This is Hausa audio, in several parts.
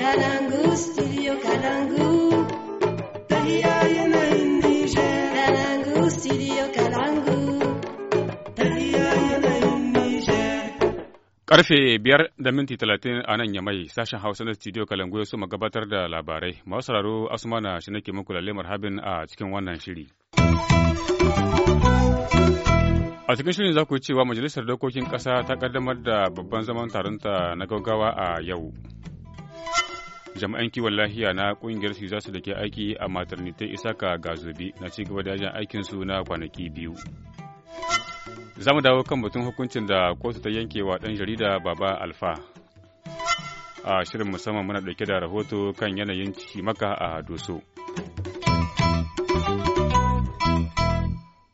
Kalangu, Karfe biyar da minti talatin a nan ya yamai sashen Hausa na studio Kalangu ya suma gabatar da labarai. Masu sauraro Asmana shi nake muku lalle marhabin a cikin wannan shiri. A cikin shirin za ku cewa Majalisar Dokokin Ƙasa ta ƙaddamar da babban zaman taronta na gaggawa a yau. jami'an kiwon lafiya na kungiyar su zasu da ke aiki a maternity isaka gazobi na ci gaba da yajin aikin su na kwanaki biyu za mu dawo kan batun hukuncin da kotu ta yanke wa ɗan jarida baba alfa a shirin musamman muna dauke da rahoto kan yanayin maka a doso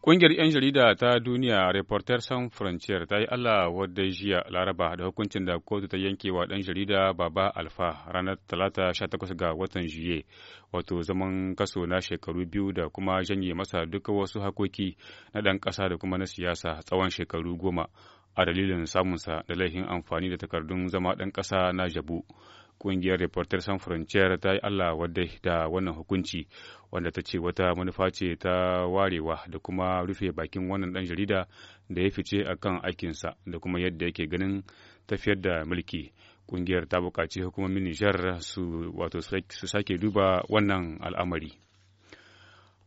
Ƙungiyar 'yan jarida ta duniya Reporters Sans Frontier ta yi Allah wadda jiya Laraba da hukuncin da kotu ta yanke wa ɗan jarida Baba Alfa ranar Talata sha takwas ga watan Juye, wato zaman kaso na shekaru biyu da kuma janye masa duka wasu hakoki na ɗan ƙasa da kuma na siyasa tsawon shekaru goma a dalilin samunsa da laifin amfani da takardun zama ɗan ƙasa na jabu. Ƙungiyar reporter san Frontier ta yi Allah wadda da wannan hukunci wanda ta ce wata manufa ce ta warewa da kuma rufe bakin wannan dan jarida da ya fice a kan aikinsa da kuma yadda yake ganin tafiyar da mulki. kungiyar ta bukaci hukumomin Nijar su wato su sake duba wannan al'amari.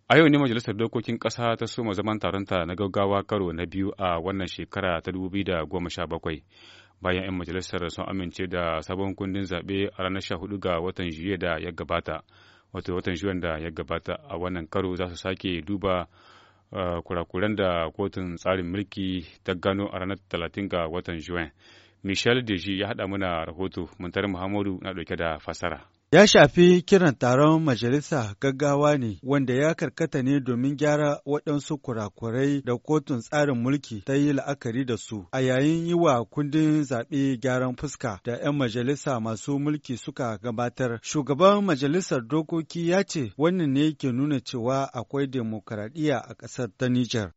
A yau ne Majalisar Dokokin Ƙasa ta soma zaman taronta na gaggawa karo na biyu a wannan shekara ta 2017. bayan 'yan majalisar sun amince da sabon kundin zaɓe a ranar 14 ga watan juye da ya gabata wato watan juyen da ya gabata a wannan karo za su sake duba eh, kurakuran da kotun tsarin mulki ta gano a ranar talatin ga watan juin michel deji ya haɗa mana rahoto muntar muhammadu na ɗauke da fasara Ya shafi kiran taron majalisa gaggawa ne wanda ya karkata ne domin gyara waɗansu kurakurai da kotun tsarin mulki ta yi la'akari da su a yayin yi wa kundin zaɓe gyaran fuska da 'yan majalisa masu mulki suka gabatar. Shugaban majalisar dokoki ya ce wannan ne ke nuna cewa akwai demokaradiyya a ƙasar ta Nijar.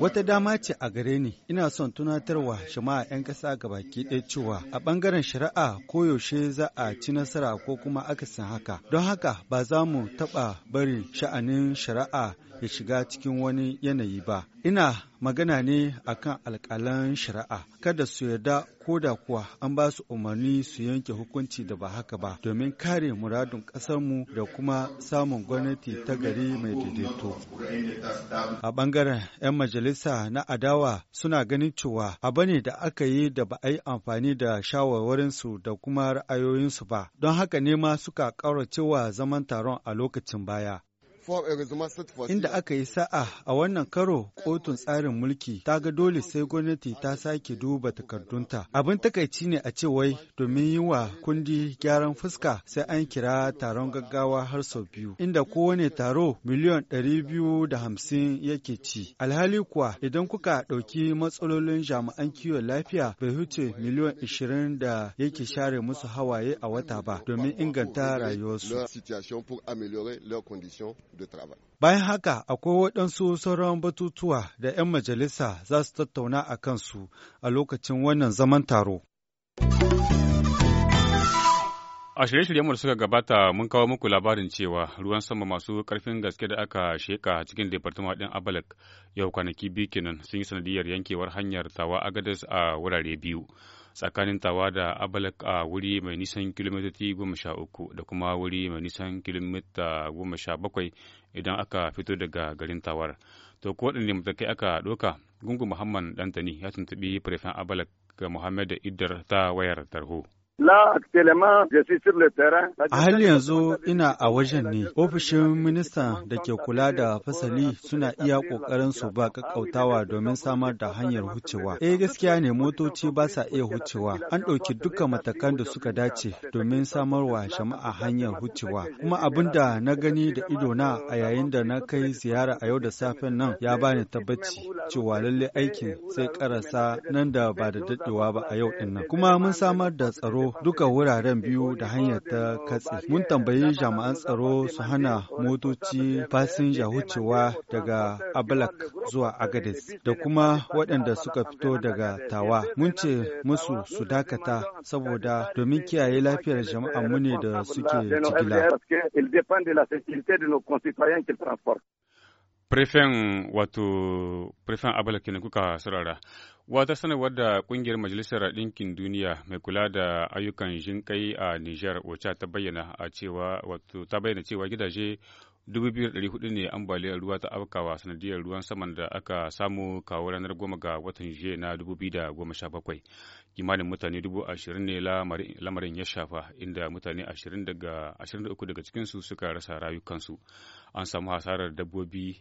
Wata dama ce a gare ni, ina son tunatarwa shama'a 'yan ƙasa ga baki ɗaya cewa a ɓangaren shari'a koyaushe za a ci nasara ko kuma akasin haka. Don haka ba za mu taɓa bari sha'anin shari'a ya shiga cikin wani yanayi ba. Ina magana ne a kan alƙalan shari'a, kada su yarda ko da kuwa an ba su umarni su yanke hukunci da ba haka ba domin kare muradun ƙasarmu da kuma samun gwamnati ta gari mai daidaito. A ɓangaren 'yan majalisa na adawa suna ganin cewa abu ne da aka yi da ba a yi amfani da shawarwarinsu da kuma ra'ayoyinsu ba, don haka ne ma suka cewa zaman taron a lokacin baya. Eh, inda aka yi sa'a a wannan karo kotun tsarin mulki ta ga dole sai gwamnati ta sake duba takardunta. Abin takaici ne a ce wai domin yi wa kundi gyaran fuska sai an kira taron gaggawa har sau biyu. Inda kowane taro miliyon ɗari biyu da hamsin yake ci. Alhali kuwa idan kuka ɗauki matsalolin jami'an kiwon lafiya bai huce miliyon ishirin da yake share musu hawaye a wata ba domin inganta rayuwarsu. Bayan haka akwai waɗansu sauran batutuwa da 'yan majalisa za su tattauna a kansu a lokacin wannan zaman taro. A shirye-shiryen da suka gabata mun kawo muku labarin cewa ruwan sama masu ƙarfin gaske da aka sheka cikin departement ɗin Abalak yau kwanaki biyu kenan sun yi sanadiyar yankewar hanyar tawa agadas a wurare biyu. tsakanin tawa da abalak a wuri mai nisan kilomitoci goma sha uku da kuma wuri mai nisan kilomita goma sha bakwai idan aka fito daga garin tawar to ko waɗanne matakai aka ɗoka gungun muhammad dantani ya tuntuɓi firifin abalak ga muhammad idar ta wayar tarho. A hal yanzu ina a wajen ne, ofishin ministan da ke kula da fasali suna iya ƙoƙarin su ba ƙaƙƙautawa domin samar da hanyar hucewa. Eh gaskiya ne motoci ba sa iya hucewa, an ɗauki dukkan matakan da suka dace domin samarwa jama'a hanyar hucewa. Kuma abin da na gani da idona a yayin da na kai ziyara a yau da safen nan ya bani tabbaci cewa lallai aikin sai karasa nan da ba da daɗewa ba a yau ɗin nan. Kuma mun samar da tsaro duka wuraren biyu da hanyar ta katse. Mun tambayi jami'an tsaro su hana motoci fasinja wucewa daga Abalak zuwa agadis da kuma waɗanda suka fito daga Tawa. Mun ce musu su dakata saboda domin kiyaye lafiyar jama'an mu ne da suke jigila. Prefen wato Prefen Abala kenan kuka sarara Wata sanarwar da kungiyar Majalisar Ɗinkin Duniya mai kula da ayyukan jinƙai a Nijar wacce ta bayyana a cewa wato ta bayyana cewa gidaje 2,400 ne ambaliyar ruwa ta afkawa sanadiyar ruwan saman da aka samu kawo ranar goma ga watan jiya na 2017 kimanin mutane 20,000 ne lamarin ya shafa inda mutane 23 daga cikinsu suka rasa rayukansu an samu hasarar dabbobi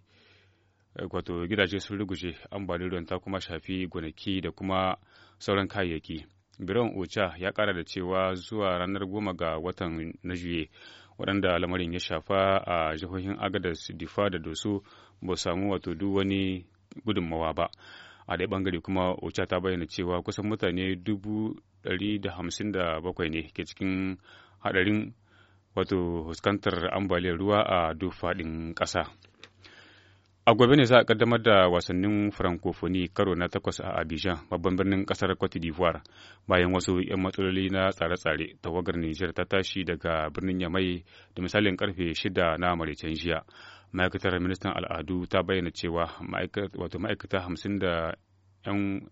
eh, wato gidaje sun ruguje ambaliyar ruwan ta kuma shafi gonaki da kuma sauran kayayyaki biron ocha ya kara da cewa zuwa ranar goma ga watan na juye waɗanda lamarin ya shafa a jihohin agadas difa da dosu ba samu wato duk wani gudunmawa ba a ɗaya ɓangare kuma ocha ta bayyana cewa kusan mutane dubu ɗari da hamsin da bakwai ne ke cikin haɗarin wato fuskantar ambaliyar ruwa a duk faɗin ƙasa A gobe ne za a kaddamar da wasannin Francophonie karo na takwas a Abidjan, babban birnin kasar Cote d'Ivoire. Bayan wasu 'yan matsaloli na tsare-tsare, tawagar Nijar ta tashi daga birnin Yamai da misalin karfe shida na maritain jiya. Ma'aikatar ministan al'adu ta bayyana cewa ma'aikata hamsin da 'yan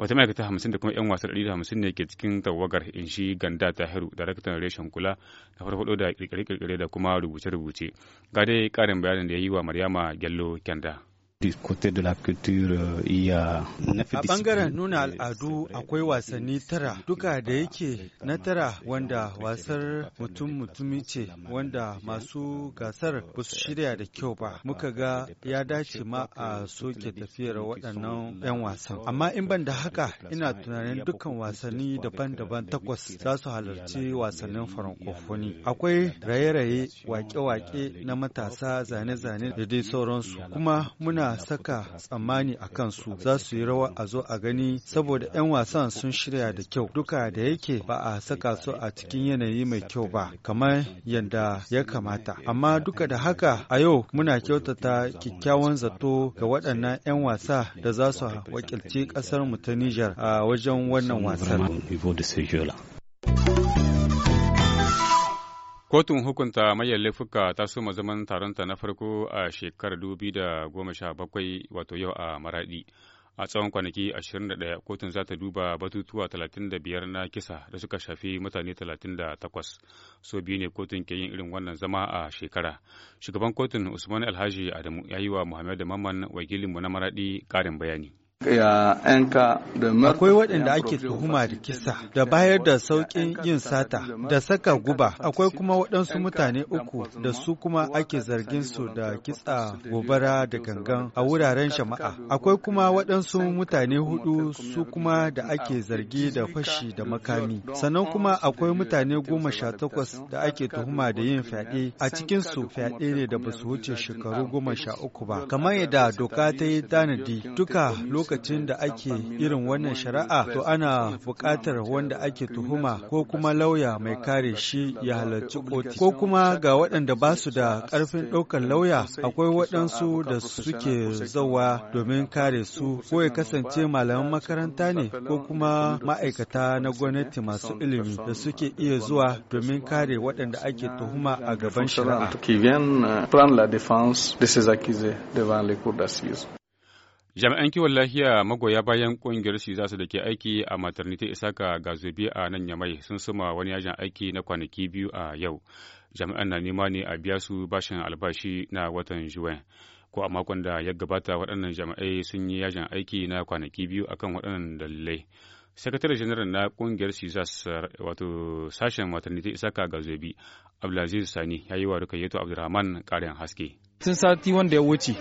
wata ma'aikata hamsin da kuma 'yan wasa ɗari da hamsin ne ke cikin tawagar inshi ganda ta tahiru daraktan reshen kula da farfaɗo da kirkire-kirkire da kuma rubuce-rubuce ga dai ƙarin bayanin da ya yi wa maryama gyallo kyanda Euh, a bangaren nuna al'adu akwai wasanni tara duka da yake na tara wanda wasar mutum-mutumi ce wanda masu gasar ba su shirya da kyau ba. Muka ga ya dace ma a soke tafiyar waɗannan 'yan wasan. Amma in ban da haka ina tunanin dukkan wasanni daban-daban takwas za su halarci wasannin farankofoni. Akwai raye-raye, wake-wake na matasa zane-zane da dai sauransu. Kuma muna saka tsammani a kansu za su yi rawa a zo a gani saboda 'yan wasan sun shirya da kyau duka da yake ba a saka su a cikin yanayi mai kyau ba kamar yadda ya kamata amma duka da haka a yau muna kyautata kyakkyawan zato ga waɗannan 'yan wasa da za su wakilci ƙasar mu ta Nijar a wajen wannan wasan. Kotun hukunta mayan laifuka ta soma zaman taronta na farko a shekarar 2017 wato yau a Maradi. A tsawon kwanaki 21 kotun za ta duba batutuwa biyar na kisa da suka shafi mutane takwas So biyu ne kotun ke yin irin wannan zama a shekara. Shugaban kotun Usman Alhaji Adamu ya yi wa Muhammadu Mamman wakilinmu na Maradi karin bayani. Akwai waɗanda ake tuhuma da kisa da bayar da sauƙin yin sata da saka guba. Akwai kuma waɗansu mutane uku da su kuma ake zargin su da kitsa gobara da gangan a wuraren shama'a. Akwai kuma waɗansu mutane hudu su kuma da ake zargi da fashi da makami. Sannan kuma akwai mutane goma sha takwas da ake tuhuma da yin fyaɗe a cikinsu fyaɗe ne da ba su wuce shekaru goma sha uku ba. Kamar yadda doka ta yi tanadi duka lokacin lokacin da ake irin wannan shari'a to ana buƙatar wanda ake tuhuma ko kuma lauya mai kare shi ya halarci koti ko kuma ga waɗanda ba su da ƙarfin ɗaukar lauya akwai waɗansu da suke zawa domin kare su ko ya kasance malaman makaranta ne ko kuma ma'aikata na gwamnati masu ilimi da suke iya zuwa domin kare waɗanda ake tuhuma a gaban shari'a. Jami'an kiwon lafiya magoya bayan ƙungiyar su za da ke aiki a maternity Isaka Gazobi a nan Yamai sun suma wani yajin aiki na kwanaki biyu a yau. Jami'an na nema ne a biya su bashin albashi na watan Juwan. Ko a makon da ya gabata waɗannan jami'ai sun yi yajin aiki na kwanaki biyu a kan waɗannan dalilai. sakataren janar na kungiyar sizas wato sashen maternity isaka gazobi abdulaziz sani ya yi wa rukayyato abdulrahman ƙarin haske tun sati wanda ya wuce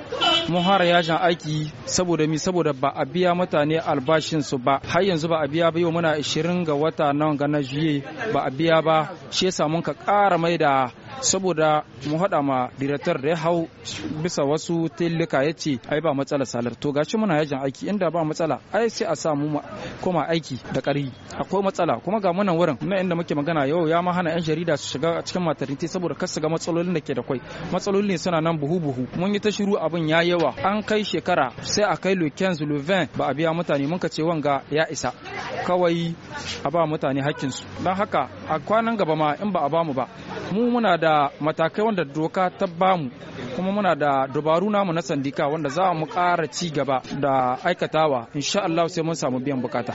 mun fara yajin aiki saboda mi saboda ba a biya mutane albashin su ba har yanzu ba a biya ba yau muna 20 ga wata nan ga na juye ba a biya ba shi yasa mun ka kara mai da saboda mu haɗa ma diratar da ya hau bisa wasu tilika ya ce ai ba matsala salar to gashi muna yajin aiki inda ba matsala ai sai a samu koma aiki da ƙari akwai matsala kuma ga munan wurin na inda muke magana yau ya ma hana yan jarida su shiga cikin matarinti saboda kar su ga matsalolin da ke da kwai matsalolin suna nan buhu buhu mun yi ta shiru abin ya yawa an kai shekara sai a kai loken zuluven ba a biya mutane mun ka ce wanga ya isa kawai a ba mutane su don haka a kwanan gaba ma in ba a ba mu ba mu muna da matakai wanda doka ta bamu kuma muna da dabaru namu na sandika wanda za mu kara ci gaba da aikatawa insha Allah sai mun samu biyan bukata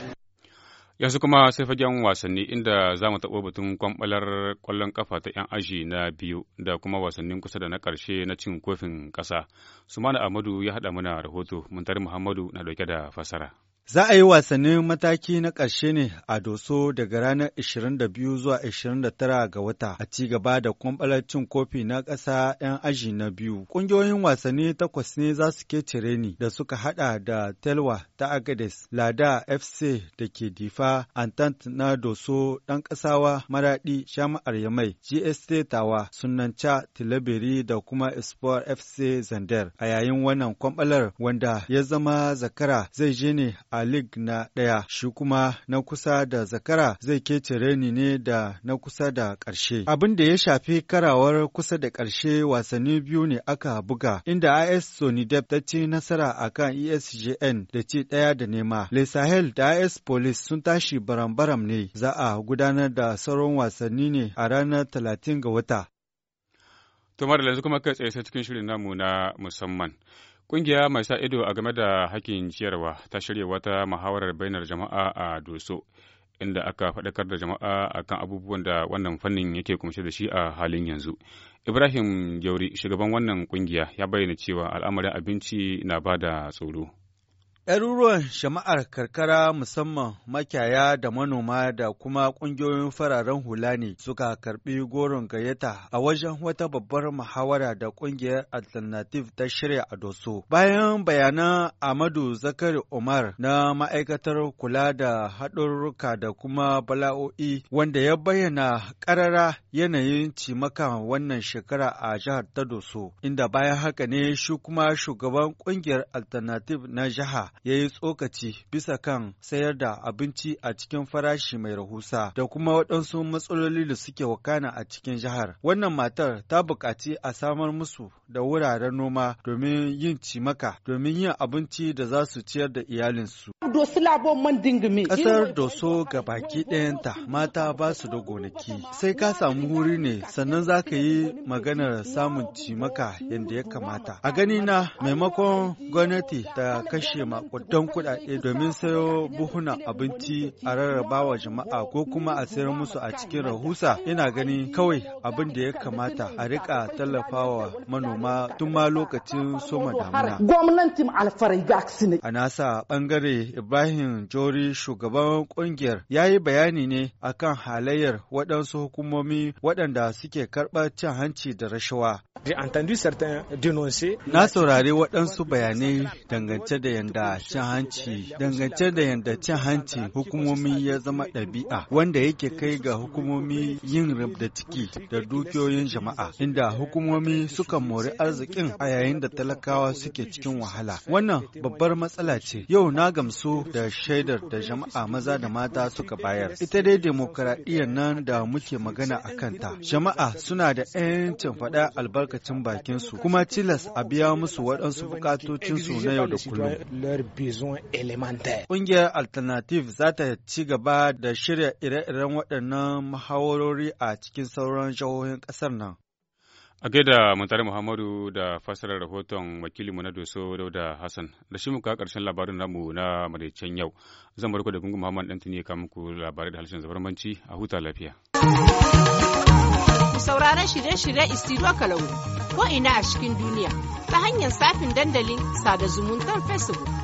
yanzu kuma sai fagen wasanni inda za mu taɓo batun kwamɓalar ƙwallon kafa ta 'yan aji na biyu da kuma wasannin kusa da na ƙarshe na cin kofin ƙasa sumana amadu ya haɗa mana rahoto muntari muhammadu na dauke da fasara Za a yi wasannin mataki na ƙarshe ne a Doso daga ranar 22 zuwa 29 ga wata a ci gaba da kwamɓalar cin kofi na ƙasa 'yan aji na biyu. Ƙungiyoyin wasanni takwas ne za su cire ni da suka haɗa da Telwa ta Agades, Lada FC da ke Difa, Antant na Doso, ɗan ƙasawa, Maraɗi, Shama'ar Yamai, GST Tawa, Sunanca, Tilabiri da kuma Espoir FC Zander. A yayin wannan kwamɓalar wanda ya zama zakara zai je ne a Lig na ɗaya, shi kuma na kusa da zakara zai kece reni ne da na kusa da ƙarshe. Abin da ya shafi karawar kusa da ƙarshe wasanni biyu ne aka buga, inda AS Sonidep ta ci nasara a kan ESGN da ci ɗaya da nema. Le da AS Police sun tashi baram-baram ne, za a gudanar da sauran wasanni ne a ranar talatin ga wata. Tumar da yanzu kuma kai tsaye sai cikin shirin namu na musamman. Ƙungiya mai sa ido a game da hakkin ciyarwa ta shirya wata muhawarar bainar jama'a a Doso, inda aka faɗakar da jama'a a kan abubuwan da wannan fannin yake kumshe da shi a halin yanzu. Ibrahim Gyauri, shugaban wannan ƙungiya, ya bayyana cewa al'amarin abinci na ba da tsoro. Ɗaruruwan shama'ar karkara musamman makiyaya da manoma da kuma ƙungiyoyin fararen hula ne suka karɓi goron gayyata a wajen wata babbar muhawara da ƙungiyar Alternative ta shirya a Doso. Bayan bayanan Amadu Zakari Umar na ma'aikatar kula da haɗurruka da kuma bala'o'i wanda ya bayyana ƙarara yanayin cimaka wannan shekara a jihar ta Doso, inda bayan haka ne shi kuma shugaban ƙungiyar Alternative na jiha ya yi tsokaci bisa kan sayar da abinci a cikin farashi mai rahusa da kuma waɗansu matsaloli da suke wakana a cikin jihar. Wannan matar ta buƙaci a samar musu da wuraren noma domin yin cimaka domin yin abinci da za su ciyar da iyalinsu. Ƙasar Doso ga baki ɗayanta mata ba su da gonaki. Sai ka samu wuri ne sannan za ka yi maganar samun cimaka yadda ya kamata. A gani na maimakon gwamnati ta kashe ma makudan kudade, domin sayo buhunan abinci a rarraba wa jama'a ko kuma a sayar musu a cikin rahusa ina gani kawai abin da ya kamata a rika tallafawa manoma tun ma lokacin soma damuna. A nasa bangare Ibrahim Jori shugaban kungiyar ya yi bayani ne akan halayyar waɗansu hukumomi waɗanda suke karɓar cin hanci da rashawa. Na saurari waɗansu bayanai dangance da yanda cin hanci dangance da yadda cin hanci hukumomi ya zama ɗabi'a wanda yake kai ga hukumomi yin da ciki da dukiyoyin jama'a inda hukumomi suka mori arzikin a yayin da talakawa suke cikin wahala wannan babbar matsala ce yau na gamsu da shaidar da jama'a maza da mata suka bayar ita dai demokradiyyar nan da muke magana a kanta jama'a suna da 'yancin faɗa albarkacin bakinsu kuma tilas a biya musu waɗansu bukatocinsu na yau da kullum bizon Ƙungiyar Alternative za ta ci gaba da shirya ire-iren waɗannan muhawarori a cikin sauran jihohin kasar nan. A gaida Muntari Muhammadu da fassarar rahoton wakilinmu na Doso Dauda Hassan, da shi muka karshen labarin namu na madaicen yau. Zan barko da gungun Muhammad tuni ya kama muku labarai da harshen zabarmanci a huta lafiya. Ku saurara shirye shiryen Istiro Kalau ko ina a cikin duniya ta hanyar safin dandalin sada zumuntar Facebook.